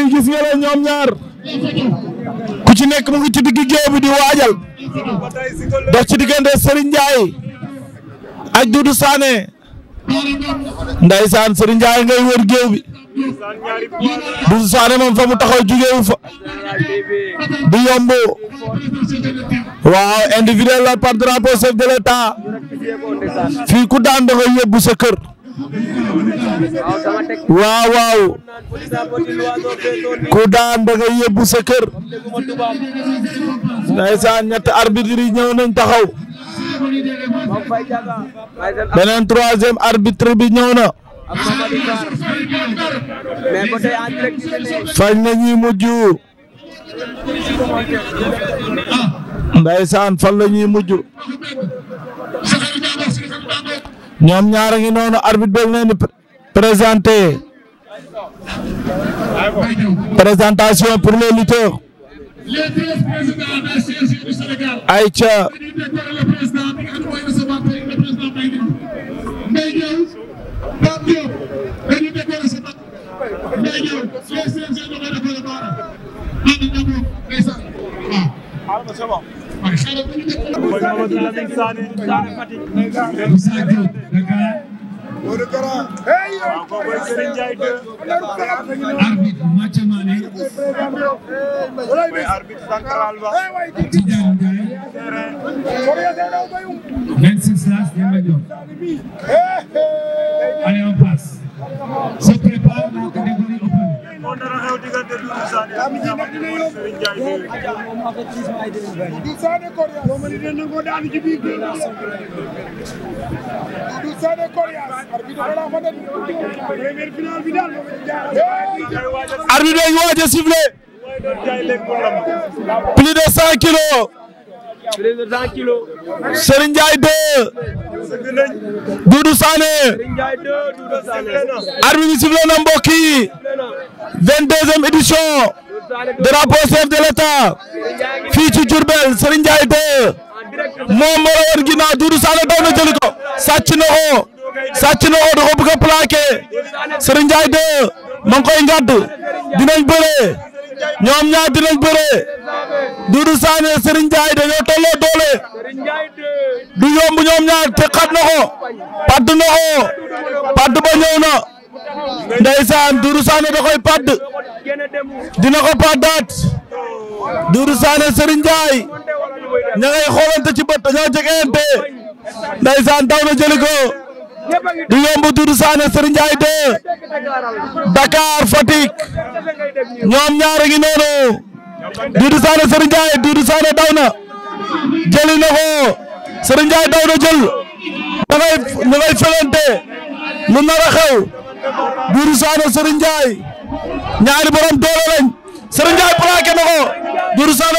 yi gis nga leen ñoom ñaar ku ci nekk mu ngi ci digg géew bi di waajal dox ci diggante Serigne Ndiaye ak Doudou Sané ndaysaan Serigne Ndiaye ngay wër géew bi Doudou Sané moom fa mu taxaw jugee fa du yomb waaw individuel la par drapeau chef de l'État fii ku daan da yóbbu sa waaw waaw ku daan da ngay yóbbu sa kër ñetti arbitre yi ñëw nañ taxaw beneen troisième arbitre bi ñëw na fañ na ñuy mujj ndaysaan fan la ñuy mujj ñoom ñaar ngi noonu arbitre bi leen di présenter présentation pour les lutteurs. les treize présidents des CNG du Sénégal. Aïcha. Aïcha. arbitre Mathia Mané Tidiane Ndiaye 26 las Demba Diop allez on passe Doudou Sané waaj a sifflé plus de cent plus de cent kilos Serigne Ndiaye 2 Doudou Sané arbitre bi sifflé na mbokk yi 22e édition drapeau chef de l'État fii ci Diourbel Serigne Ndiaye 2 moom moo woon ginnaaw Doudou Sané daw na jëli ko sàcc na ko sàcc na ko da ko bëgg a plaqué Serigne Ndiaye dinañ bëree ñoom ñaar dinañ bëree Doudou Sané Serigne Ndiaye dañoo tolloo doole du yomb ñoom ñaar te xat na ko padd na ko padd ba ñëw na. ndeysaan Doudou Sané da koy padd dina ko paddaat Doudou Sané Serigne Ndiaye ña ngay xoolante ci bët dañoo jegeente ndeysaan daw na jëli ko du yomb Doudou Sané Serigne Ndiaye de Dakar Fatick ñoom ñaar ngi noonu Doudou Sané Serigne Ndiaye Doudou daw na jëli na ko Serigne daw na jël da ngay da ngay felante lu nar a Dourou Sané Serigne Ndiaye ñaari borom doole lañ Serigne Ndiaye plaqué na ko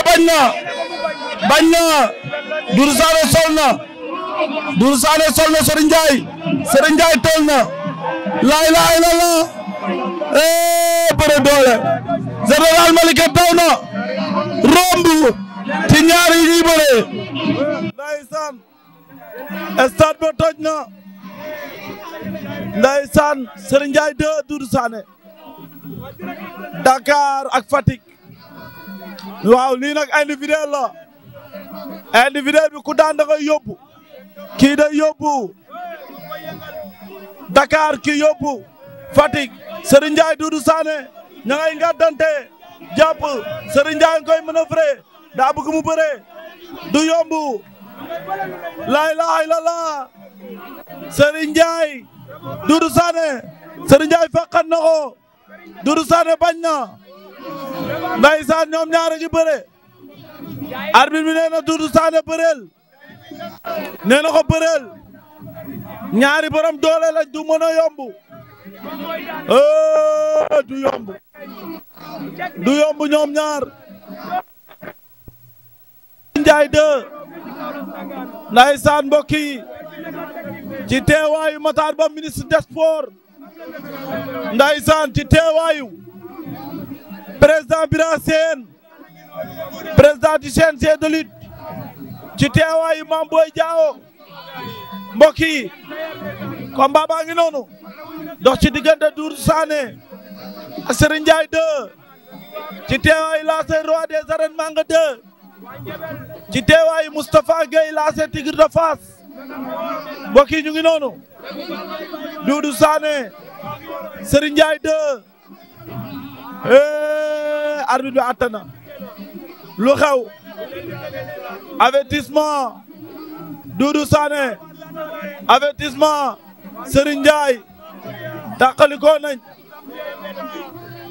bañ na bañ na Dourou sol na Dourou sol na Serigne tol na laa ilaaha illallaah eh bëre doole Général Malika daw na romb ci ñaar yi ñuy bëree ndeysaan stade ba toj na ndeysaan Serigne Ndiaye 2 Doudou Sané Dakar ak Fatick waaw lii nag individuel la individuel bi ku daan da ngay yóbbu kii day yóbbu Dakar kii yóbbu Fatick Serigne Ndiaye Doudou Sané ña ngay ngàddante jàpp nga koy manœuvrer daa bëgg mu bëree du yomb lay laay la laa Serigne Ndiaye Doudou Sané Serigne Ndiaye faqat na ko Doudou Sané bañ na ndeysaan ñoom ñaar a ngi bëre arbitre bi nee na Doudou Sané bëreel nee na ko bëreel ñaari borom doole la du mën a yomb oh du yomb du yomb ñoom ñaar Ndiaye 2 ndeysaan mbokk yi ci teewaayu Matar Ba ministre des sports ndaysaan ci teewaayu président Bira Sène président du CNG de lutte ci teewaayu Mame Boye Diao mbokk yi combat noonu dox ci diggante Dour Sané ak Serigne ci teewaayu lancé roi des arènes Manga 2 ci teewaayu Moustapha Gueye lancé Tigre de Fass mbokk yi ñu ngi noonu Doudou Sané Serigne Ndiaye 2 eh arbitre bi àtte na lu xew avertissement Doudou Sané avertissement Serigne Ndiaye tàqalikoo nañ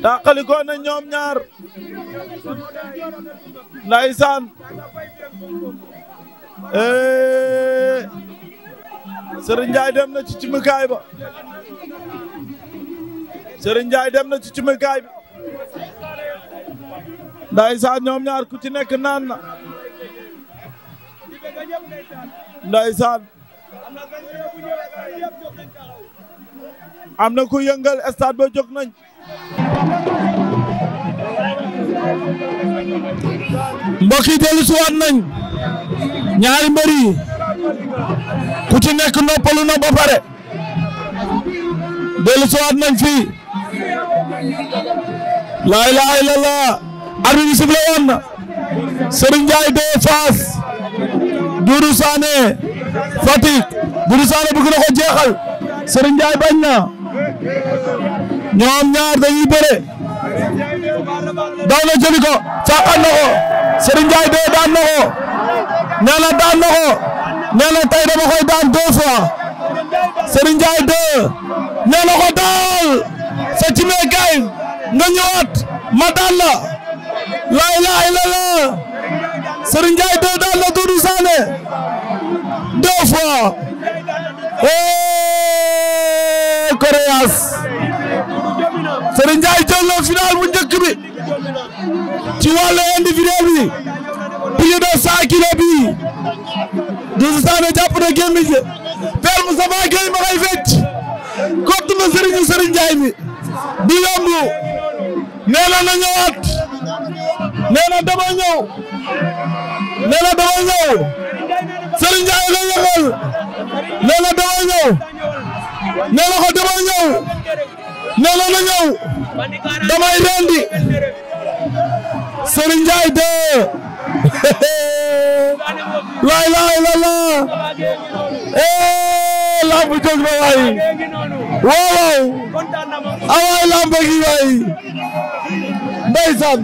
tàqalikoo nañ ñoom ñaar ndeysaan eh Serigne Ndiaye dem na ci cimikaay ba Serigne Ndiaye dem na ci cimikaay bi ndaysaan ñoom ñaar ku ci nekk naan na ndaysaan am na ku yëngal stade ba jóg nañ mbokk yi dellu nañ ñaari mbër ku ci nekk noppalu na ba pare dellu siwaat nañ fii laa ilaaha illallah arbi bi sifle woon na Serigne Ndiaye de Fass Doudou Sané Fatick Doudou Sané jeexal Serigne bañ na ñoom ñaar dañuy daw na jëli ko fàqal na ko Serigne Ndiaye de daan na nee na tey dama koy daan deux fois Serigne Ndiaye deux daal sa ci mee kay nga ñëwaat ma daan la laa ilaaha illallaah Serigne Ndiaye deux daan la Doudou Sané Koreas Serigne Ndiaye jël na njëkk bi ci wàllu individuel bi de 100 kilos bii Doudou Sané jàpp na gémmiñ de Père Moussa Ba ma ngay fecc kott na Serigne Serigne Ndiaye mi du yomb nee na na ñëwaat dama ñëw nee dama ñëw Serigne la yëngal nee na dama ñëw nee na ko dama ñëw rendi Serigne Ndiaye de laay laay la laa ee lamb jóg na waay waaw waaw awaay lamb gi waay ndeysaan